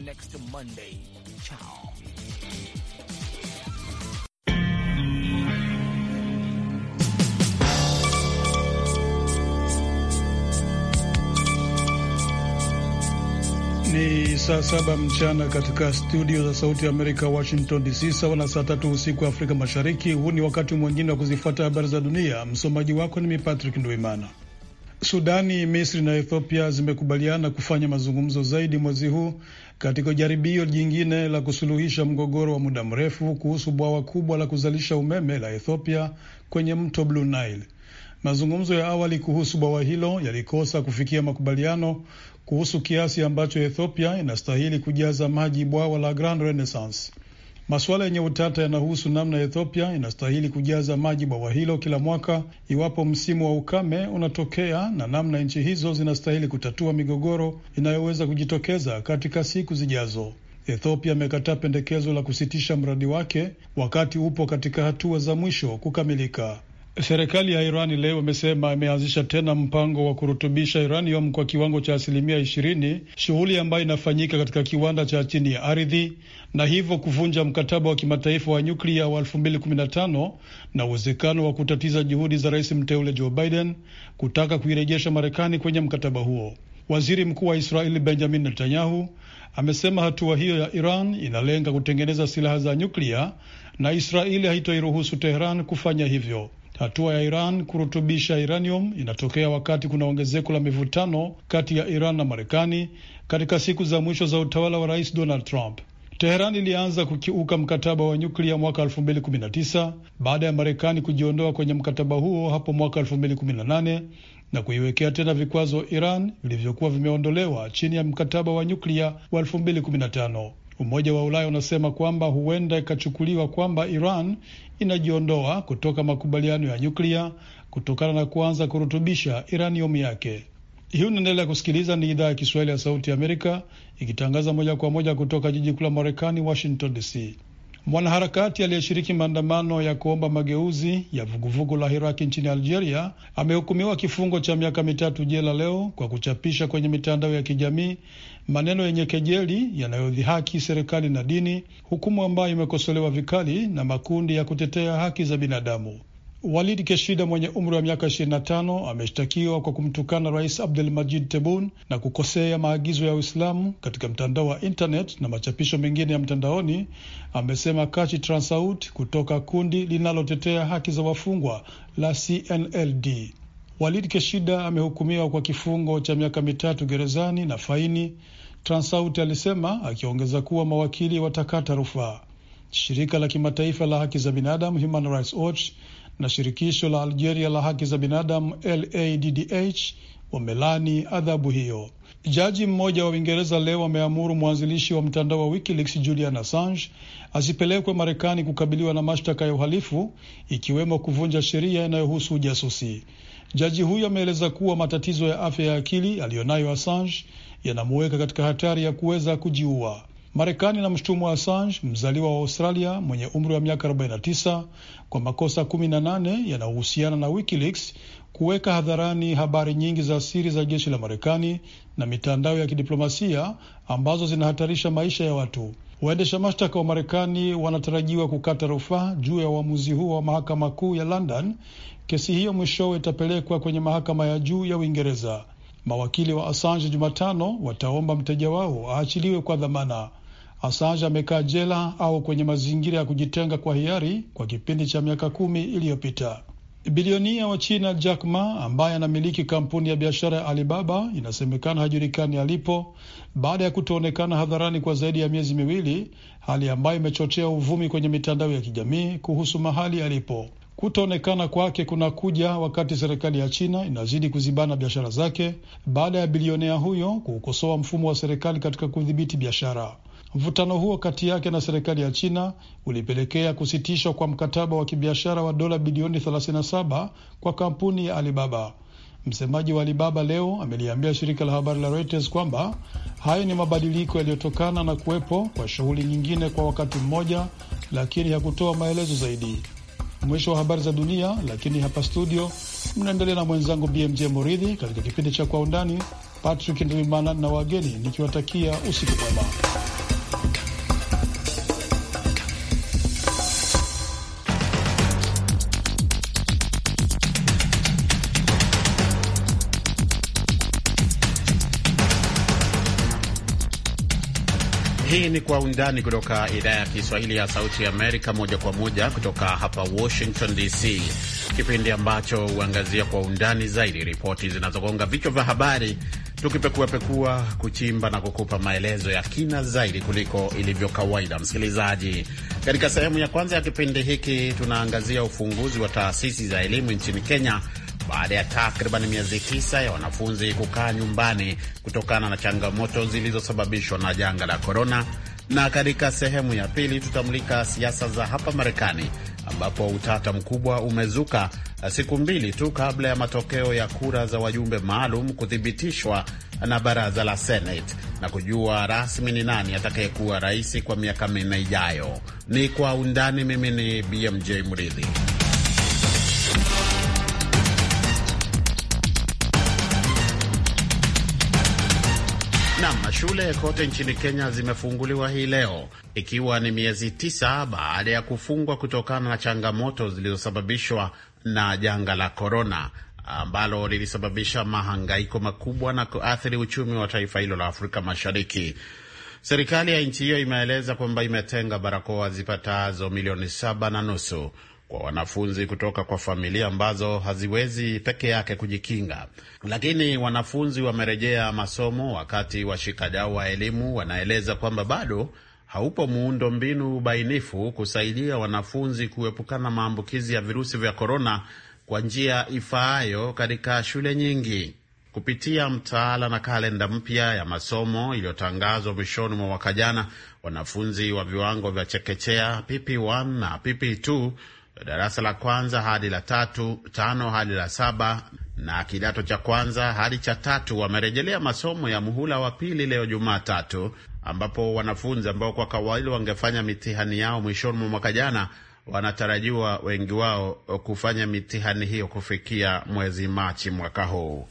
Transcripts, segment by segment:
next Monday. Ciao. Ni saa saba mchana katika studio za Sauti ya Amerika, Washington DC, sawa na saa tatu usiku wa Afrika Mashariki. Huu ni wakati mwingine wa kuzifuata habari za dunia. Msomaji wako ni mimi Patrick Ndwimana. Sudani, Misri na Ethiopia zimekubaliana kufanya mazungumzo zaidi mwezi huu katika jaribio jingine la kusuluhisha mgogoro wa muda mrefu kuhusu bwawa kubwa la kuzalisha umeme la Ethiopia kwenye mto Blue Nile. Mazungumzo ya awali kuhusu bwawa hilo yalikosa kufikia makubaliano kuhusu kiasi ambacho Ethiopia inastahili kujaza maji bwawa la Grand Renaissance. Masuala yenye utata yanahusu namna Ethiopia inastahili kujaza maji bwawa hilo kila mwaka iwapo msimu wa ukame unatokea na namna nchi hizo zinastahili kutatua migogoro inayoweza kujitokeza katika siku zijazo. Ethiopia imekataa pendekezo la kusitisha mradi wake wakati upo katika hatua za mwisho kukamilika. Serikali ya Irani leo imesema imeanzisha tena mpango wa kurutubisha uranium kwa kiwango cha asilimia ishirini, shughuli ambayo inafanyika katika kiwanda cha chini ya ardhi na hivyo kuvunja mkataba wa kimataifa wa nyuklia wa elfu mbili kumi na tano na uwezekano wa kutatiza juhudi za rais mteule Joe Biden kutaka kuirejesha Marekani kwenye mkataba huo. Waziri mkuu wa Israeli Benjamin Netanyahu amesema hatua hiyo ya Iran inalenga kutengeneza silaha za nyuklia na Israeli haitoiruhusu Teheran kufanya hivyo. Hatua ya Iran kurutubisha uranium inatokea wakati kuna ongezeko la mivutano kati ya Iran na Marekani katika siku za mwisho za utawala wa Rais Donald Trump. Teheran ilianza kukiuka mkataba wa nyuklia mwaka 2019 baada ya Marekani kujiondoa kwenye mkataba huo hapo mwaka 2018 na kuiwekea tena vikwazo Iran vilivyokuwa vimeondolewa chini ya mkataba wa nyuklia wa 2015. Umoja wa Ulaya unasema kwamba huenda ikachukuliwa kwamba Iran inajiondoa kutoka makubaliano ya nyuklia kutokana na kuanza kurutubisha iranium yake. Hii unaendelea kusikiliza, ni idhaa ya Kiswahili ya Sauti ya Amerika ikitangaza moja kwa moja kutoka jiji kuu la Marekani, Washington DC. Mwanaharakati aliyeshiriki maandamano ya kuomba mageuzi ya vuguvugu la Hiraki nchini Algeria amehukumiwa kifungo cha miaka mitatu jela leo kwa kuchapisha kwenye mitandao ya kijamii maneno yenye kejeli yanayodhihaki serikali na dini, hukumu ambayo imekosolewa vikali na makundi ya kutetea haki za binadamu. Walid Keshida mwenye umri wa miaka 25 ameshtakiwa kwa kumtukana Rais abdul Majid tebun na kukosea maagizo ya Uislamu katika mtandao wa internet na machapisho mengine ya mtandaoni, amesema Kachi Transaut kutoka kundi linalotetea haki za wafungwa la CNLD. Walid Keshida amehukumiwa kwa kifungo cha miaka mitatu gerezani na faini, Transauti alisema akiongeza kuwa mawakili watakata rufaa. Shirika la kimataifa la haki za binadamu Human Rights Watch na shirikisho la Algeria la haki za binadamu LADDH wamelani adhabu hiyo. Jaji mmoja wa Uingereza leo ameamuru mwanzilishi wa mtandao wa WikiLeaks Julian Assange asipelekwe Marekani kukabiliwa na mashtaka ya uhalifu ikiwemo kuvunja sheria inayohusu ujasusi. Jaji huyo ameeleza kuwa matatizo ya afya ya akili aliyonayo Assange yanamuweka katika hatari ya kuweza kujiua. Marekani na mshutumu wa Assange, mzaliwa wa Australia mwenye umri wa miaka 49, kwa makosa 18 yanayohusiana na WikiLeaks kuweka hadharani habari nyingi za siri za jeshi la Marekani na mitandao ya kidiplomasia ambazo zinahatarisha maisha ya watu. Waendesha mashtaka wa Marekani wanatarajiwa kukata rufaa juu ya uamuzi huo wa mahakama kuu ya London. Kesi hiyo mwishowe itapelekwa kwenye mahakama ya juu ya Uingereza. Mawakili wa Assange Jumatano wataomba mteja wao aachiliwe kwa dhamana. Assange amekaa jela au kwenye mazingira ya kujitenga kwa hiari kwa kipindi cha miaka kumi iliyopita. Bilionia wa China Jack Ma ambaye anamiliki kampuni ya biashara ya Alibaba inasemekana hajulikani alipo baada ya kutoonekana hadharani kwa zaidi ya miezi miwili, hali ambayo imechochea uvumi kwenye mitandao ya kijamii kuhusu mahali alipo. Kutoonekana kwake kunakuja wakati serikali ya China inazidi kuzibana biashara zake baada ya bilionea huyo kuukosoa mfumo wa serikali katika kudhibiti biashara. Mvutano huo kati yake na serikali ya China ulipelekea kusitishwa kwa mkataba wa kibiashara wa dola bilioni 37 kwa kampuni ya Alibaba. Msemaji wa Alibaba leo ameliambia shirika la habari la Reuters kwamba hayo ni mabadiliko yaliyotokana na kuwepo kwa shughuli nyingine kwa wakati mmoja, lakini hakutoa maelezo zaidi. Mwisho wa habari za dunia, lakini hapa studio mnaendelea na mwenzangu BMJ Moridhi katika kipindi cha Kwa Undani. Patrick Ndwimana na wageni nikiwatakia usiku mwema. Hii ni Kwa Undani kutoka idhaa ya Kiswahili ya Sauti ya Amerika, moja kwa moja kutoka hapa Washington DC, kipindi ambacho huangazia kwa undani zaidi ripoti zinazogonga vichwa vya habari, tukipekuapekua, kuchimba na kukupa maelezo ya kina zaidi kuliko ilivyo kawaida. Msikilizaji, katika sehemu ya kwanza ya kipindi hiki tunaangazia ufunguzi wa taasisi za elimu nchini Kenya baada ya takriban miezi tisa ya wanafunzi kukaa nyumbani kutokana na changamoto zilizosababishwa na janga la korona. Na katika sehemu ya pili tutamulika siasa za hapa Marekani ambapo utata mkubwa umezuka siku mbili tu kabla ya matokeo ya kura za wajumbe maalum kuthibitishwa na baraza la Senate na kujua rasmi ni nani atakayekuwa rais kwa miaka minne ijayo. Ni kwa undani. Mimi ni BMJ Mridhi. Shule kote nchini Kenya zimefunguliwa hii leo ikiwa ni miezi tisa baada ya kufungwa kutokana na changamoto zilizosababishwa na janga la korona ambalo lilisababisha mahangaiko makubwa na kuathiri uchumi wa taifa hilo la Afrika Mashariki. Serikali ya nchi hiyo imeeleza kwamba imetenga barakoa zipatazo milioni saba na nusu kwa wanafunzi kutoka kwa familia ambazo haziwezi peke yake kujikinga, lakini wanafunzi wamerejea masomo, wakati washikadau wa elimu wanaeleza kwamba bado haupo muundo mbinu ubainifu kusaidia wanafunzi kuepukana maambukizi ya virusi vya korona kwa njia ifaayo katika shule nyingi. Kupitia mtaala na kalenda mpya ya masomo iliyotangazwa mwishoni mwa mwaka jana, wanafunzi wa viwango vya chekechea PP1 na PP2 darasa la kwanza hadi la tatu, tano hadi la saba na kidato cha kwanza hadi cha tatu wamerejelea masomo ya muhula wa pili leo Jumatatu, ambapo wanafunzi ambao kwa kawaida wangefanya mitihani yao mwishoni mwa mwaka jana wanatarajiwa wengi wao kufanya mitihani hiyo kufikia mwezi Machi mwaka huu.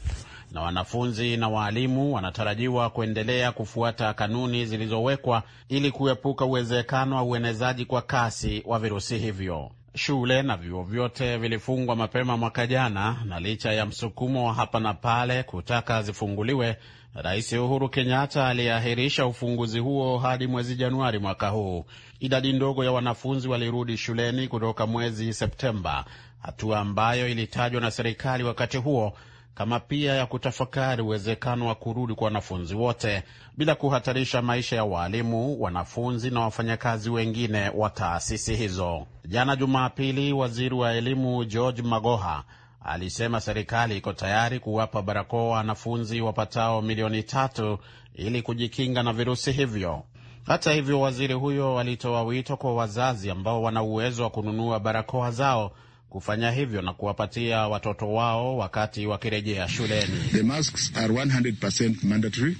Na wanafunzi na waalimu wanatarajiwa kuendelea kufuata kanuni zilizowekwa ili kuepuka uwezekano wa uenezaji kwa kasi wa virusi hivyo. Shule na vyuo vyote vilifungwa mapema mwaka jana, na licha ya msukumo wa hapa na pale kutaka zifunguliwe, Rais Uhuru Kenyatta aliahirisha ufunguzi huo hadi mwezi Januari mwaka huu. Idadi ndogo ya wanafunzi walirudi shuleni kutoka mwezi Septemba, hatua ambayo ilitajwa na serikali wakati huo kama pia ya kutafakari uwezekano wa kurudi kwa wanafunzi wote bila kuhatarisha maisha ya waalimu, wanafunzi na wafanyakazi wengine wa taasisi hizo. Jana Jumapili, waziri wa elimu George Magoha alisema serikali iko tayari kuwapa barakoa wanafunzi wapatao milioni tatu ili kujikinga na virusi hivyo. Hata hivyo, waziri huyo alitoa wito kwa wazazi ambao wana uwezo wa kununua barakoa zao kufanya hivyo na kuwapatia watoto wao wakati wakirejea shuleni. The masks are 100% mandatory.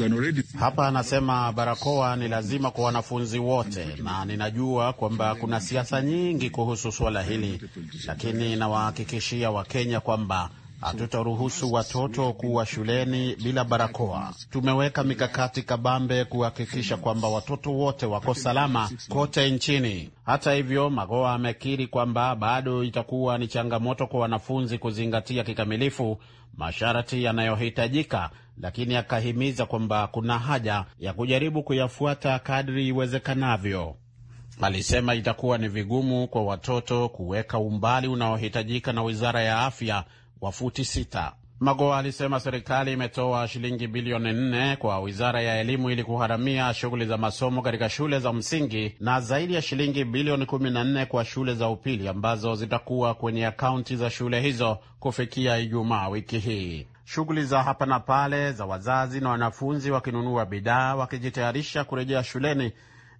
Already... Hapa anasema barakoa ni lazima kwa wanafunzi wote, na ninajua kwamba kuna siasa nyingi kuhusu suala hili, lakini nawahakikishia Wakenya kwamba Hatutaruhusu watoto kuwa shuleni bila barakoa. Tumeweka mikakati kabambe kuhakikisha kwamba watoto wote wako salama kote nchini. Hata hivyo, Magoa amekiri kwamba bado itakuwa ni changamoto kwa wanafunzi kuzingatia kikamilifu masharti yanayohitajika, lakini akahimiza kwamba kuna haja ya kujaribu kuyafuata kadri iwezekanavyo. Alisema itakuwa ni vigumu kwa watoto kuweka umbali unaohitajika na Wizara ya Afya wa futi sita. Magoha alisema serikali imetoa shilingi bilioni nne kwa wizara ya elimu ili kuharamia shughuli za masomo katika shule za msingi na zaidi ya shilingi bilioni kumi na nne kwa shule za upili ambazo zitakuwa kwenye akaunti za shule hizo kufikia Ijumaa wiki hii. Shughuli za hapa na pale za wazazi na wanafunzi wakinunua bidhaa wakijitayarisha kurejea shuleni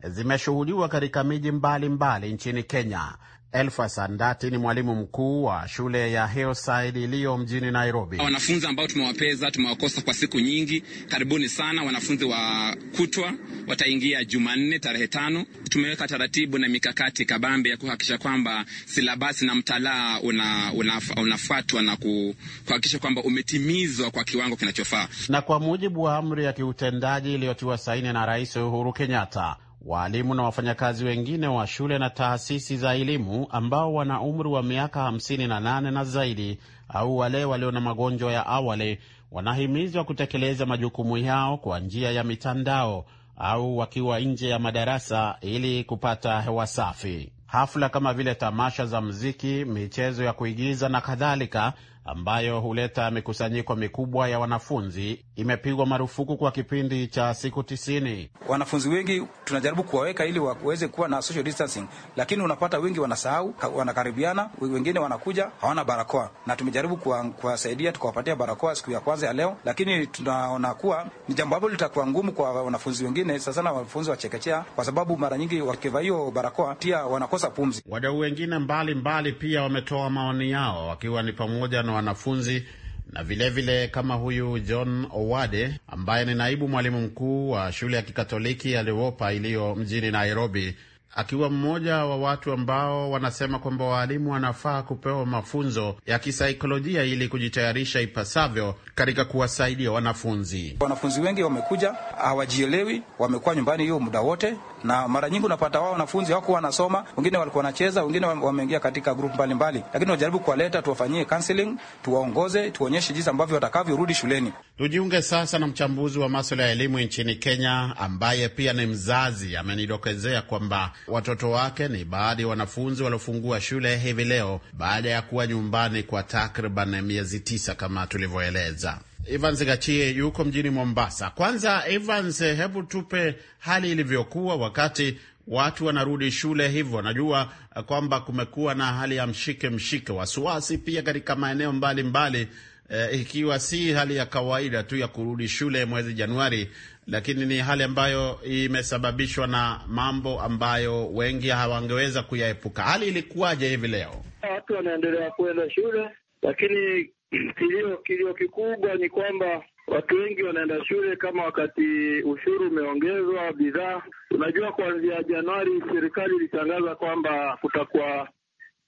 zimeshuhudiwa katika miji mbalimbali nchini Kenya elfasandati ni mwalimu mkuu wa shule ya Hillside iliyo mjini Nairobi. Wanafunzi ambao tumewapeza tumewakosa kwa siku nyingi, karibuni sana. Wanafunzi wa kutwa wataingia Jumanne tarehe tano. Tumeweka taratibu na mikakati kabambe ya kuhakikisha kwamba silabasi na mtalaa una, una, unafuatwa na kuhakikisha kwamba umetimizwa kwa kiwango kinachofaa, na kwa mujibu wa amri ya kiutendaji iliyotiwa saini na Rais Uhuru Kenyatta Waalimu na wafanyakazi wengine wa shule na taasisi za elimu ambao wana umri wa miaka 58 na zaidi au wale walio na magonjwa ya awali wanahimizwa kutekeleza majukumu yao kwa njia ya mitandao au wakiwa nje ya madarasa ili kupata hewa safi. Hafla kama vile tamasha za mziki, michezo ya kuigiza na kadhalika ambayo huleta mikusanyiko mikubwa ya wanafunzi imepigwa marufuku kwa kipindi cha siku tisini. Wanafunzi wengi tunajaribu kuwaweka ili waweze kuwa na social distancing, lakini unapata wengi wanasahau, wanakaribiana, wengine wanakuja hawana barakoa, na tumejaribu kuwasaidia tukawapatia barakoa siku ya kwanza ya leo, lakini tunaona kuwa ni jambo ambalo litakuwa ngumu kwa wanafunzi wengine, sasana wanafunzi wachekechea kwa sababu mara nyingi wakivaa hiyo barakoa pia wanakosa pumzi. Wadau wengine mbalimbali mbali pia wametoa maoni yao wakiwa ni pamoja na wanafunzi na vilevile vile kama huyu John Owade ambaye ni naibu mwalimu mkuu wa shule ya Kikatoliki ya Lewopa iliyo mjini Nairobi, akiwa mmoja wa watu ambao wanasema kwamba waalimu wanafaa kupewa mafunzo ya kisaikolojia ili kujitayarisha ipasavyo katika kuwasaidia wanafunzi. Wanafunzi wengi wamekuja hawajielewi, wamekuwa nyumbani hiyo muda wote, na mara nyingi unapata wao wanafunzi wako wanasoma, wengine walikuwa wanacheza, wengine wameingia katika group mbalimbali, lakini tunajaribu kuwaleta, tuwafanyie counseling, tuwaongoze, tuonyeshe jinsi ambavyo watakavyorudi shuleni. Tujiunge sasa na mchambuzi wa masuala ya elimu nchini Kenya ambaye pia ni mzazi. Amenidokezea kwamba watoto wake ni baadhi ya wanafunzi waliofungua shule hivi leo baada ya kuwa nyumbani kwa takriban miezi tisa kama tulivyoeleza. Evans Gachie yuko mjini Mombasa. Kwanza Evans, hebu tupe hali ilivyokuwa wakati watu wanarudi shule hivyo. Najua kwamba kumekuwa na hali ya mshike mshike, wasiwasi pia katika maeneo mbalimbali mbali, eh, ikiwa si hali ya kawaida tu ya kurudi shule mwezi Januari, lakini ni hali ambayo imesababishwa na mambo ambayo wengi hawangeweza kuyaepuka. Hali ilikuwaje hivi leo? Watu wanaendelea kuenda shule, lakini kilio kilio kikubwa ni kwamba watu wengi wanaenda shule kama wakati ushuru umeongezwa bidhaa. Unajua, kuanzia Januari serikali ilitangaza kwamba kutakuwa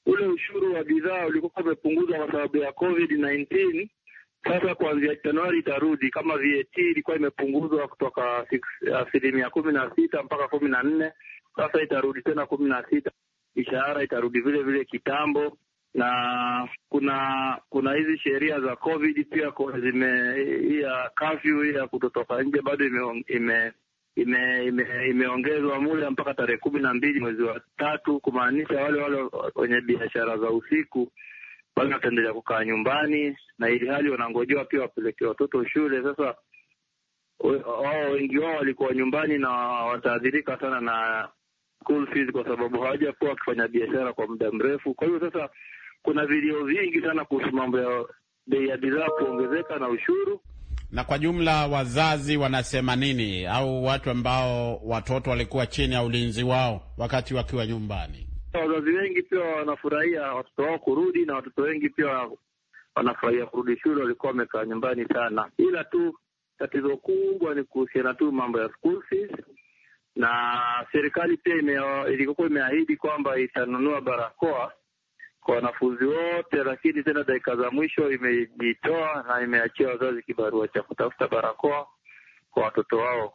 ule ushuru wa bidhaa ulikuwa umepunguzwa kwa sababu ya Covid 19. Sasa kuanzia Januari itarudi kama VAT ilikuwa imepunguzwa kutoka asilimia kumi na sita mpaka kumi na nne. Sasa itarudi tena kumi na sita. Mishahara itarudi vile vile kitambo na kuna kuna hizi sheria za COVID pia zime ya kafyu ya kutotoka nje bado imeongezwa ime, ime, ime muda mpaka tarehe kumi na mbili mwezi wa tatu, kumaanisha wale wale wenye biashara za usiku bado wataendelea kukaa nyumbani, na ili hali wanangojewa pia wapelekea watoto shule. Sasa wao wengi wao walikuwa nyumbani na wataadhirika sana na school fees, kwa sababu hawajakuwa wakifanya biashara kwa muda mrefu. Kwa hiyo sasa kuna vilio vingi sana kuhusu mambo ya bei ya bidhaa kuongezeka na ushuru. Na kwa jumla wazazi wanasema nini, au watu ambao watoto walikuwa chini ya ulinzi wao wakati wakiwa nyumbani? Wazazi wengi pia wanafurahia watoto wao kurudi, na watoto wengi pia wanafurahia kurudi shule, walikuwa wamekaa nyumbani sana. Ila tu tatizo kubwa ni kuhusiana tu mambo ya school fees, na serikali pia ilikuwa imeahidi kwamba itanunua barakoa kwa wanafunzi wote, lakini tena dakika za mwisho imejitoa na imeachia wazazi kibarua cha kutafuta barakoa kwa watoto wao.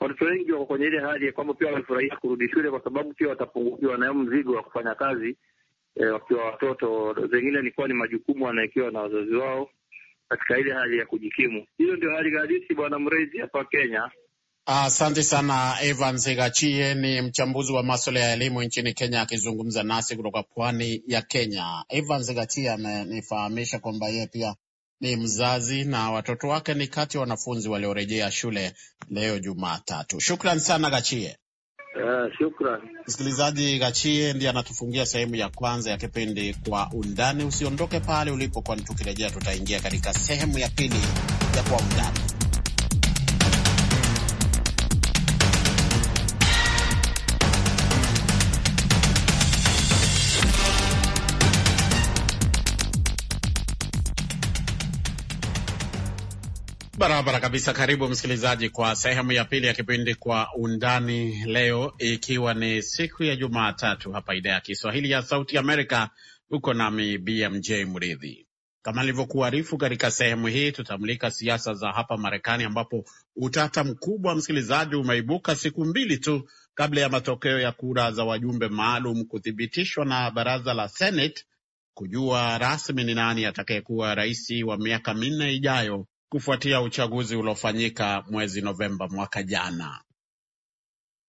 Watoto wengi wako kwenye ile hali ya kwamba pia wamefurahia kurudi shule kwa sababu pia watapungukiwa na mzigo wa kufanya kazi e, wakiwa watoto. Zengine ilikuwa ni majukumu wanawekewa na wazazi wao katika ile hali ya kujikimu. Hiyo ndio hali halisi, Bwana Mrezi, hapa Kenya. Asante sana Evans Gachie ni mchambuzi wa maswala ya elimu nchini Kenya akizungumza nasi kutoka pwani ya Kenya. Evans Gachie amenifahamisha kwamba yeye pia ni mzazi na watoto wake ni kati ya wanafunzi waliorejea shule leo Jumatatu. Shukran sana Gachie. Uh, eh, msikilizaji. Gachie ndiye anatufungia sehemu ya kwanza ya kipindi Kwa Undani. Usiondoke pale ulipo, kwani tukirejea tutaingia katika sehemu ya pili ya Kwa Undani. Barabara kabisa. Karibu msikilizaji kwa sehemu ya pili ya kipindi Kwa Undani, leo ikiwa ni siku ya Jumatatu hapa idhaa ya Kiswahili ya Sauti Amerika. Uko nami BMJ Mridhi. Kama nilivyokuarifu katika sehemu hii, tutamulika siasa za hapa Marekani, ambapo utata mkubwa, msikilizaji, umeibuka siku mbili tu kabla ya matokeo ya kura za wajumbe maalum kuthibitishwa na baraza la Senate kujua rasmi ni nani atakayekuwa rais wa miaka minne ijayo kufuatia uchaguzi uliofanyika mwezi Novemba mwaka jana.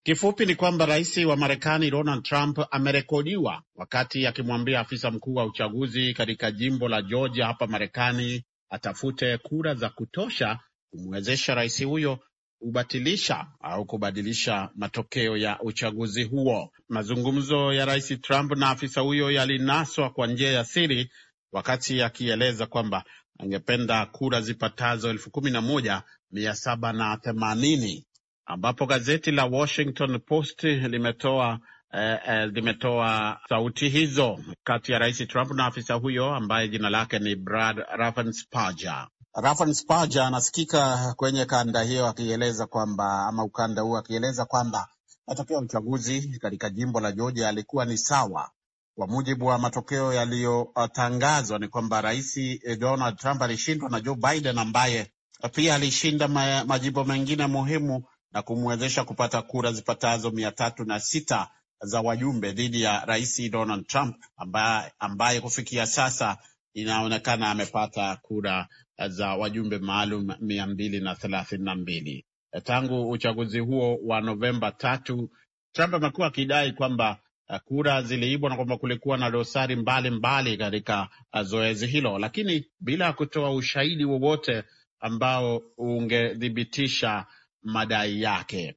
Kifupi ni kwamba rais wa Marekani Donald Trump amerekodiwa wakati akimwambia afisa mkuu wa uchaguzi katika jimbo la Georgia hapa Marekani atafute kura za kutosha kumwezesha rais huyo kubatilisha au kubadilisha matokeo ya uchaguzi huo. Mazungumzo ya rais Trump na afisa huyo yalinaswa kwa njia ya siri, wakati akieleza kwamba angependa kura zipatazo elfu kumi na moja mia saba na themanini ambapo gazeti la Washington Post limetoa eh, eh, limetoa sauti hizo kati ya Rais Trump na afisa huyo ambaye jina lake ni Brad Raffensperger. Raffensperger anasikika kwenye kanda hiyo akieleza kwamba ama ukanda huo akieleza kwamba matokeo ya uchaguzi katika jimbo la Georgia yalikuwa ni sawa kwa mujibu wa matokeo yaliyotangazwa ni kwamba rais eh, Donald Trump alishindwa na Joe Biden ambaye pia alishinda majimbo mengine muhimu na kumwezesha kupata kura zipatazo mia tatu na sita za wajumbe dhidi ya rais Donald Trump ambaye, ambaye kufikia sasa inaonekana amepata kura za wajumbe maalum mia mbili na thelathini na mbili. Tangu uchaguzi huo wa Novemba tatu, Trump amekuwa akidai kwamba Eh, kura ziliibwa na kwamba kulikuwa na dosari mbalimbali katika eh, zoezi hilo, lakini bila kutoa ushahidi wowote ambao ungethibitisha madai yake.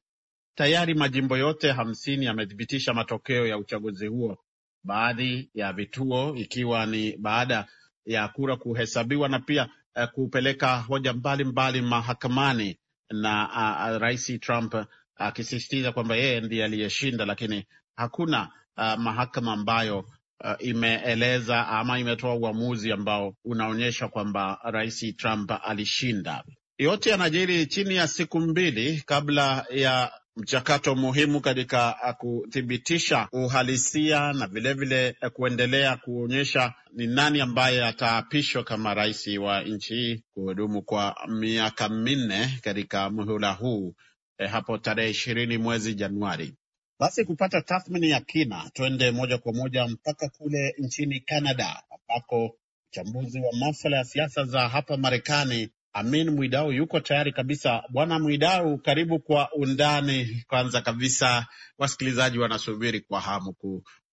Tayari majimbo yote hamsini yamethibitisha matokeo ya uchaguzi huo, baadhi ya vituo ikiwa ni baada ya kura kuhesabiwa na pia eh, kupeleka hoja mbalimbali mahakamani na uh, Rais Trump akisisitiza uh, kwamba yeye ndiye aliyeshinda, lakini hakuna uh, mahakama ambayo uh, imeeleza ama imetoa uamuzi ambao unaonyesha kwamba Rais Trump alishinda. Yote yanajiri chini ya siku mbili kabla ya mchakato muhimu katika uh, kuthibitisha uhalisia na vilevile vile uh, kuendelea kuonyesha ni nani ambaye ataapishwa kama rais wa nchi hii kuhudumu kwa miaka minne katika muhula huu eh, hapo tarehe ishirini mwezi Januari. Basi kupata tathmini ya kina, twende moja kwa moja mpaka kule nchini Canada ambako mchambuzi wa maswala ya siasa za hapa Marekani Amin Mwidau yuko tayari kabisa. Bwana Mwidau, karibu kwa undani. Kwanza kabisa, wasikilizaji wanasubiri kwa hamu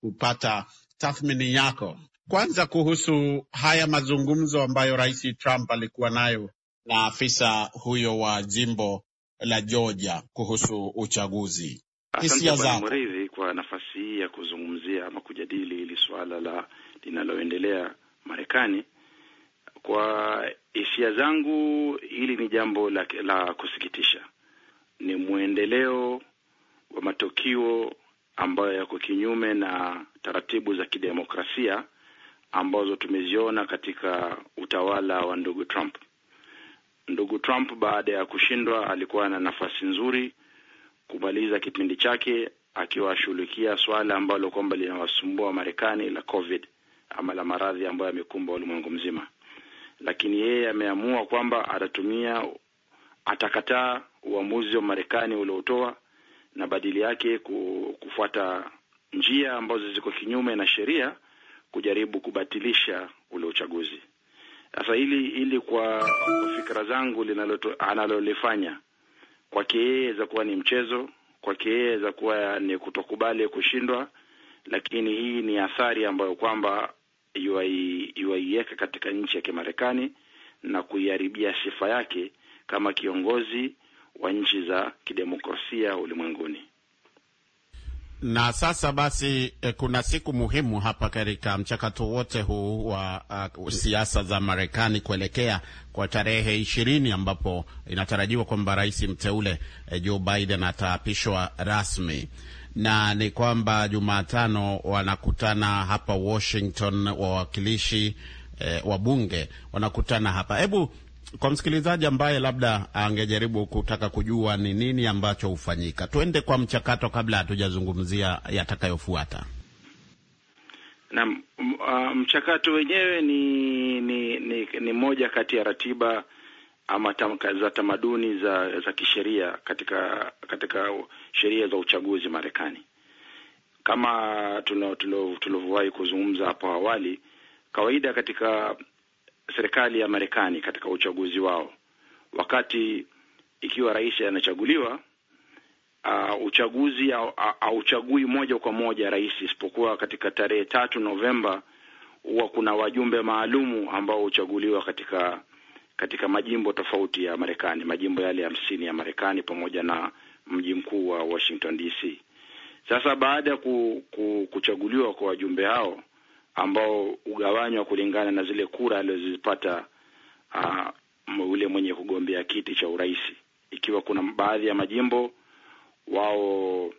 kupata tathmini yako, kwanza kuhusu haya mazungumzo ambayo Rais Trump alikuwa nayo na afisa huyo wa jimbo la Georgia kuhusu uchaguzi hisia zao. Murithi, kwa nafasi hii ya kuzungumzia ama kujadili hili suala la linaloendelea Marekani. Kwa hisia zangu, hili ni jambo la, la kusikitisha. Ni mwendeleo wa matukio ambayo yako kinyume na taratibu za kidemokrasia ambazo tumeziona katika utawala wa ndugu Trump. Ndugu Trump baada ya kushindwa alikuwa na nafasi nzuri kumaliza kipindi chake akiwashughulikia swala ambalo kwamba linawasumbua Marekani la COVID ama la maradhi ambayo yamekumba ulimwengu mzima, lakini yeye ameamua kwamba atatumia, atakataa uamuzi wa Marekani uliotoa na badili yake kufuata njia ambazo ziko kinyume na sheria kujaribu kubatilisha ule uchaguzi. Sasa hili, hili kwa fikra zangu analolifanya Kwake yeye yaweza kuwa ni mchezo, kwake yeye yaweza kuwa ni kutokubali kushindwa, lakini hii ni athari ambayo kwamba yuaiweka katika nchi ya Kimarekani na kuiharibia sifa yake kama kiongozi wa nchi za kidemokrasia ulimwenguni. Na sasa basi, eh, kuna siku muhimu hapa katika mchakato wote huu wa uh, siasa za Marekani kuelekea kwa tarehe ishirini ambapo inatarajiwa kwamba rais mteule eh, Joe Biden ataapishwa rasmi na ni kwamba Jumatano wanakutana hapa Washington wawakilishi eh, bunge wanakutana hapa. Hebu kwa msikilizaji ambaye labda angejaribu kutaka kujua ni nini ambacho hufanyika, tuende kwa mchakato kabla hatujazungumzia yatakayofuata. Naam, uh, mchakato wenyewe ni ni, ni ni moja kati ya ratiba ama tam, za tamaduni za za kisheria katika katika sheria za uchaguzi Marekani. Kama tulivyowahi kuzungumza hapo awali, kawaida katika serikali ya Marekani katika uchaguzi wao, wakati ikiwa rais anachaguliwa Uh, uchaguzi hauchagui moja kwa moja rais, isipokuwa katika tarehe tatu Novemba huwa kuna wajumbe maalumu ambao huchaguliwa katika katika majimbo tofauti ya Marekani, majimbo yale hamsini ya Marekani pamoja na mji mkuu wa Washington DC. Sasa baada ya ku, ku, kuchaguliwa kwa wajumbe hao ambao hugawanywa kulingana na zile kura alizozipata ah, yule mwenye kugombea kiti cha urais. Ikiwa kuna baadhi ya majimbo wao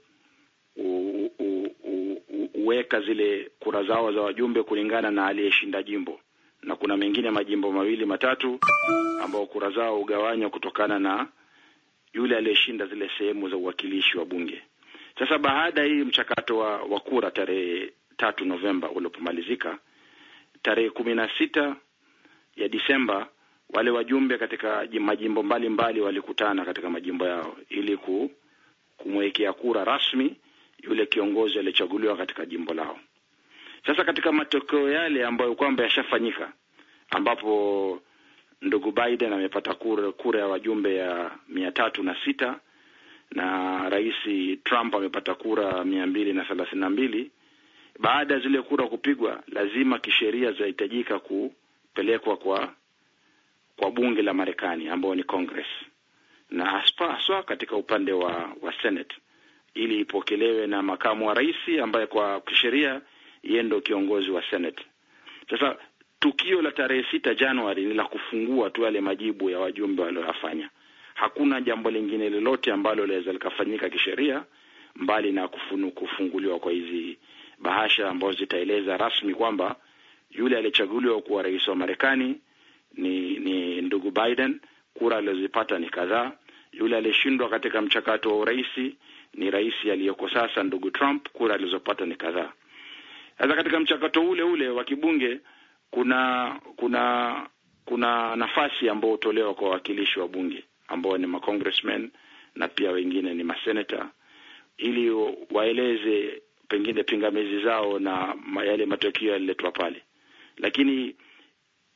huweka zile kura zao za wajumbe kulingana na aliyeshinda jimbo, na kuna mengine majimbo mawili matatu ambao kura zao hugawanywa kutokana na yule aliyeshinda zile sehemu za uwakilishi wa bunge. Sasa baada hii mchakato wa, wa kura tarehe tatu Novemba ulipomalizika, tarehe kumi na sita ya Disemba wale wajumbe katika majimbo mbalimbali walikutana katika majimbo yao ili kumwekea kura rasmi yule kiongozi aliyechaguliwa katika jimbo lao. Sasa katika matokeo yale ambayo kwamba yashafanyika, ambapo ndugu Biden amepata kura, kura ya wajumbe ya mia tatu na sita na rais Trump amepata kura mia mbili na thelathini na mbili baada ya zile kura kupigwa, lazima kisheria zinahitajika kupelekwa kwa kwa bunge la Marekani ambayo ni Congress na aspaswa katika upande wa, wa Senate ili ipokelewe na makamu wa rais ambaye kwa kisheria yeye kiongozi wa Senate. Sasa tukio la tarehe sita Januari ni la kufungua tu yale majibu ya wajumbe walioyafanya. Hakuna jambo lingine lolote ambalo linaweza likafanyika kisheria mbali na kufunguliwa kwa hizi bahasha ambazo zitaeleza rasmi kwamba yule aliyechaguliwa kuwa rais wa Marekani ni ni ndugu Biden, kura alizozipata ni kadhaa. Yule aliyeshindwa katika mchakato wa urais ni rais aliyeko sasa, ndugu Trump, kura alizopata ni kadhaa. Sasa katika mchakato ule ule wa kibunge kuna kuna kuna nafasi ambayo hutolewa kwa wawakilishi wa bunge ambao ni macongressmen na pia wengine ni masenata, ili waeleze pengine pingamizi zao na yale matokeo yaliletwa pale, lakini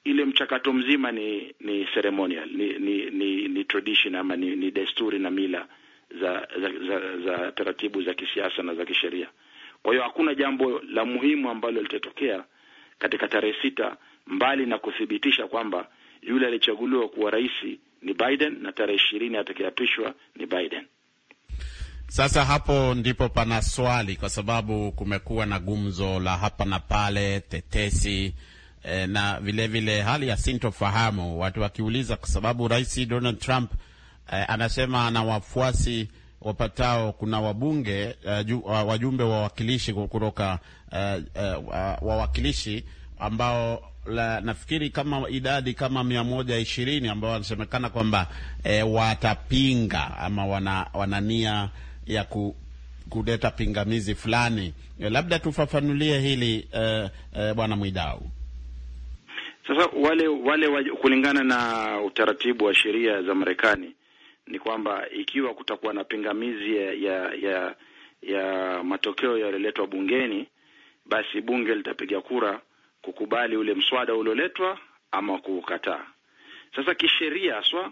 ile mchakato mzima ni ni ceremonial, ni ni, ni, ni tradition ama ni, ni desturi na mila za za, za, za taratibu za kisiasa na za kisheria. Kwa hiyo hakuna jambo la muhimu ambalo litatokea katika tarehe sita mbali na kuthibitisha kwamba yule alichaguliwa kuwa rais ni Biden na tarehe ishirini atakayeapishwa ni Biden. Sasa hapo ndipo pana swali, kwa sababu kumekuwa na gumzo la hapa na pale, tetesi e, na vilevile vile hali ya sintofahamu, watu wakiuliza, kwa sababu Rais Donald Trump e, anasema ana wafuasi wapatao kuna wabunge e, ju, wajumbe wa wawakilishi kutoka e, e, wawakilishi ambao la, nafikiri kama idadi kama mia moja ishirini ambao wanasemekana kwamba e, watapinga ama wana, wanania ya ku, kuleta pingamizi fulani. Eh, labda tufafanulie hili uh, uh, Bwana Mwidau. Sasa wale wale kulingana na utaratibu wa sheria za Marekani ni kwamba ikiwa kutakuwa na pingamizi ya ya, ya, ya matokeo yaliyoletwa bungeni, basi bunge litapiga kura kukubali ule mswada ulioletwa ama kuukataa. Sasa kisheria haswa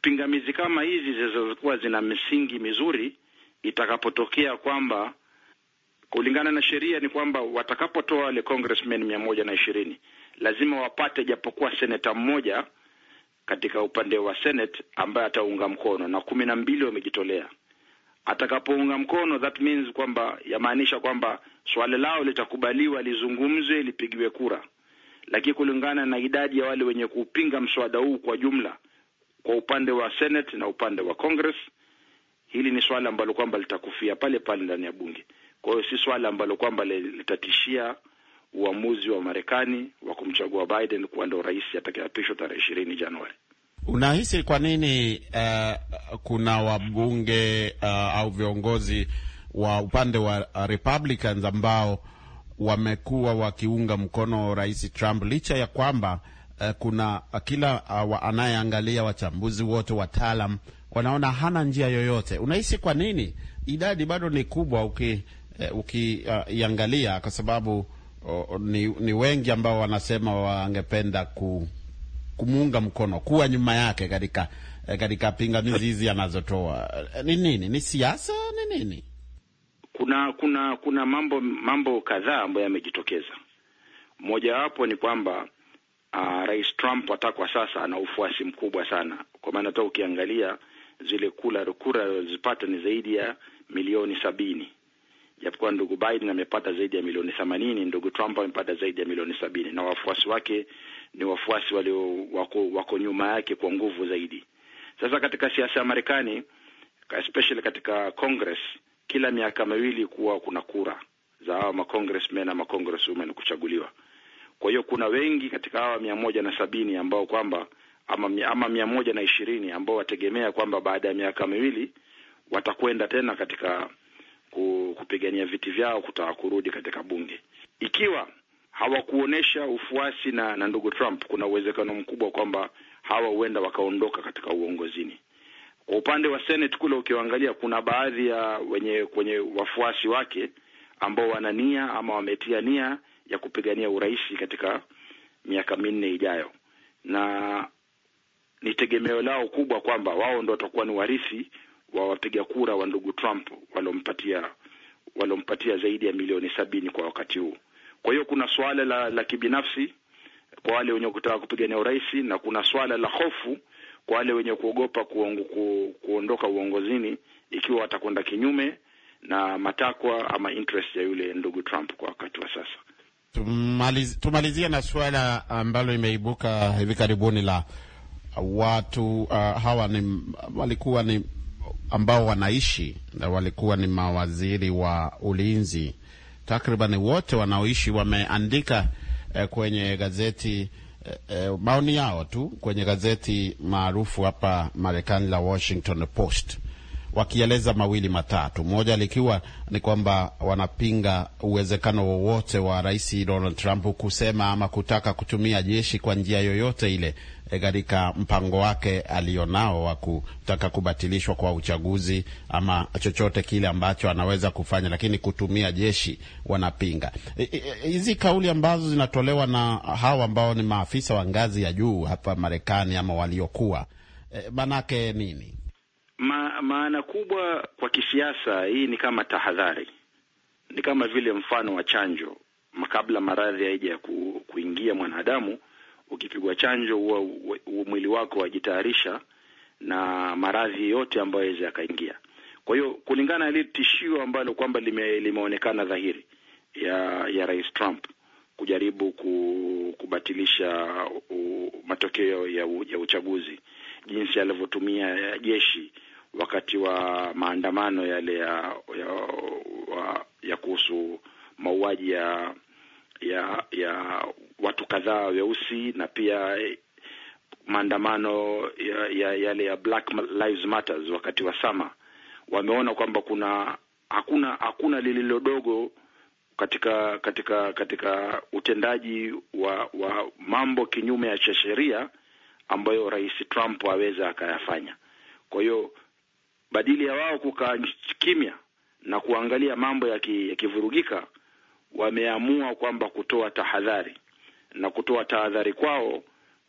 pingamizi kama hizi zilizokuwa zina misingi mizuri, itakapotokea kwamba kulingana na sheria ni kwamba watakapotoa wale congressmen mia moja na ishirini lazima wapate japokuwa seneta mmoja katika upande wa Senate ambaye ataunga mkono na kumi na mbili wamejitolea. Atakapounga mkono, that means kwamba yamaanisha kwamba swala lao litakubaliwa, lizungumzwe, lipigiwe kura. Lakini kulingana na idadi ya wale wenye kuupinga mswada huu kwa jumla kwa upande wa Senate na upande wa Congress. Hili ni swala ambalo kwamba litakufia pale pale ndani ya bunge. Kwa hiyo si swala ambalo kwamba litatishia uamuzi wa Marekani wa kumchagua Biden kuwa ndo rais atakayeapishwa tarehe ishirini Januari. Unahisi kwa nini uh, kuna wabunge uh, au viongozi wa upande wa Republicans ambao wamekuwa wakiunga mkono rais Trump licha ya kwamba eh, kuna eh, kila uh, anayeangalia wachambuzi wote wataalam wanaona hana njia yoyote. Unahisi kwa nini idadi bado ni kubwa uki eh, ukiiangalia uh, kwa sababu uh, ni, ni wengi ambao wanasema wangependa ku, kumuunga mkono kuwa nyuma yake katika katika pingamizi hizi anazotoa. Ni nini? Ni siasa? Ni nini? Kuna kuna kuna mambo mambo kadhaa ambayo yamejitokeza. Mojawapo ni kwamba uh, Rais Trump hata kwa sasa ana ufuasi mkubwa sana, kwa maana hata ukiangalia zile kula kura alizopata ni zaidi ya milioni sabini japokuwa ndugu Biden amepata zaidi ya milioni themanini, ndugu Trump amepata zaidi ya milioni sabini, na wafuasi wake ni wafuasi walio wako, wako nyuma yake kwa nguvu zaidi. Sasa katika siasa ya Marekani, especially katika Congress, kila miaka miwili kuwa kuna kura za hawa macongressmen na macongresswomen kuchaguliwa. Kwa hiyo kuna wengi katika hawa mia moja na sabini ambao kwamba ama, ama mia moja na ishirini ambao wategemea kwamba baada ya miaka miwili watakwenda tena katika kupigania viti vyao kutaka kurudi katika bunge. Ikiwa hawakuonesha ufuasi na, na ndugu Trump, kuna uwezekano mkubwa kwamba hawa huenda wakaondoka katika uongozini. Kwa upande wa Senate kule, ukiangalia kuna baadhi ya wenye kwenye wafuasi wake ambao wana nia ama wametia nia ya kupigania urais katika miaka minne ijayo, na ni tegemeo lao kubwa kwamba wao ndo watakuwa ni warithi wa wapiga kura wa ndugu Trump walompatia walompatia zaidi ya milioni sabini kwa wakati huu. Kwa hiyo kuna suala la, la kibinafsi kwa wale wenye kutaka kupigania urais na kuna swala la hofu kwa wale wenye kuogopa kuongo, ku, kuondoka uongozini ikiwa watakwenda kinyume na matakwa ama interest ya yule ndugu Trump kwa wakati wa sasa tumalizie na suala ambalo imeibuka hivi karibuni la watu uh, hawa ni, walikuwa ni ambao wanaishi na walikuwa ni mawaziri wa ulinzi takriban wote wanaoishi wameandika eh, kwenye gazeti eh, eh, maoni yao tu kwenye gazeti maarufu hapa Marekani la Washington Post wakieleza mawili matatu, moja likiwa ni kwamba wanapinga uwezekano wowote wa Rais Donald Trump kusema ama kutaka kutumia jeshi kwa njia yoyote ile e, katika mpango wake alionao wa kutaka kubatilishwa kwa uchaguzi ama chochote kile ambacho anaweza kufanya, lakini kutumia jeshi wanapinga. Hizi kauli ambazo zinatolewa na hawa ambao ni maafisa wa ngazi ya juu hapa Marekani ama waliokuwa, e, manake nini? ma, maana kubwa kwa kisiasa hii ni kama tahadhari, ni kama vile mfano wa chanjo kabla maradhi haija ku, kuingia mwanadamu. Ukipigwa chanjo huwa mwili wako wajitayarisha na maradhi yote ambayo yaweza yakaingia. Kwa hiyo kulingana na ile tishio ambalo kwamba lime, limeonekana dhahiri ya ya Rais Trump kujaribu kubatilisha matokeo ya, u, ya uchaguzi, jinsi alivyotumia eh, jeshi wakati wa maandamano yale ya ya, ya, ya kuhusu mauaji ya ya ya watu kadhaa weusi na pia maandamano yale ya, ya, ya Black Lives Matters wakati wa sama, wameona kwamba kuna hakuna hakuna lililodogo katika katika katika utendaji wa, wa mambo kinyume ya cha sheria ambayo Rais Trump aweza akayafanya. Kwa hiyo badili ya wao kukaa kimya na kuangalia mambo yakivurugika, ki, ya wameamua kwamba kutoa tahadhari na kutoa tahadhari kwao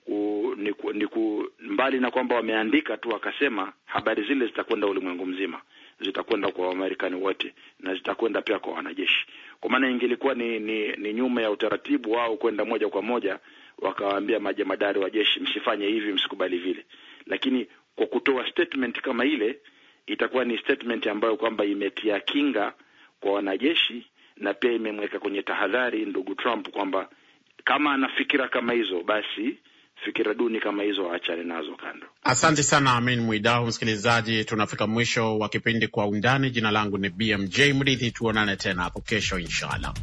ku, ni, ku, ni ku, mbali na kwamba wameandika tu, wakasema habari zile zitakwenda ulimwengu mzima, zitakwenda kwa Wamarekani wote na zitakwenda pia kwa wanajeshi, kwa maana ingelikuwa ni, ni, ni nyuma ya utaratibu wao kwenda moja kwa moja wakawaambia majemadari wa jeshi msifanye hivi, msikubali vile, lakini kwa kutoa statement kama ile itakuwa ni statement ambayo kwamba imetia kinga kwa wanajeshi na pia imemweka kwenye tahadhari ndugu Trump kwamba kama anafikira kama hizo basi fikira duni kama hizo waachane nazo kando. Asante sana Amin Mwidau. Msikilizaji, tunafika mwisho wa kipindi Kwa Undani. Jina langu ni BMJ Mridhi, tuonane tena hapo kesho inshallah.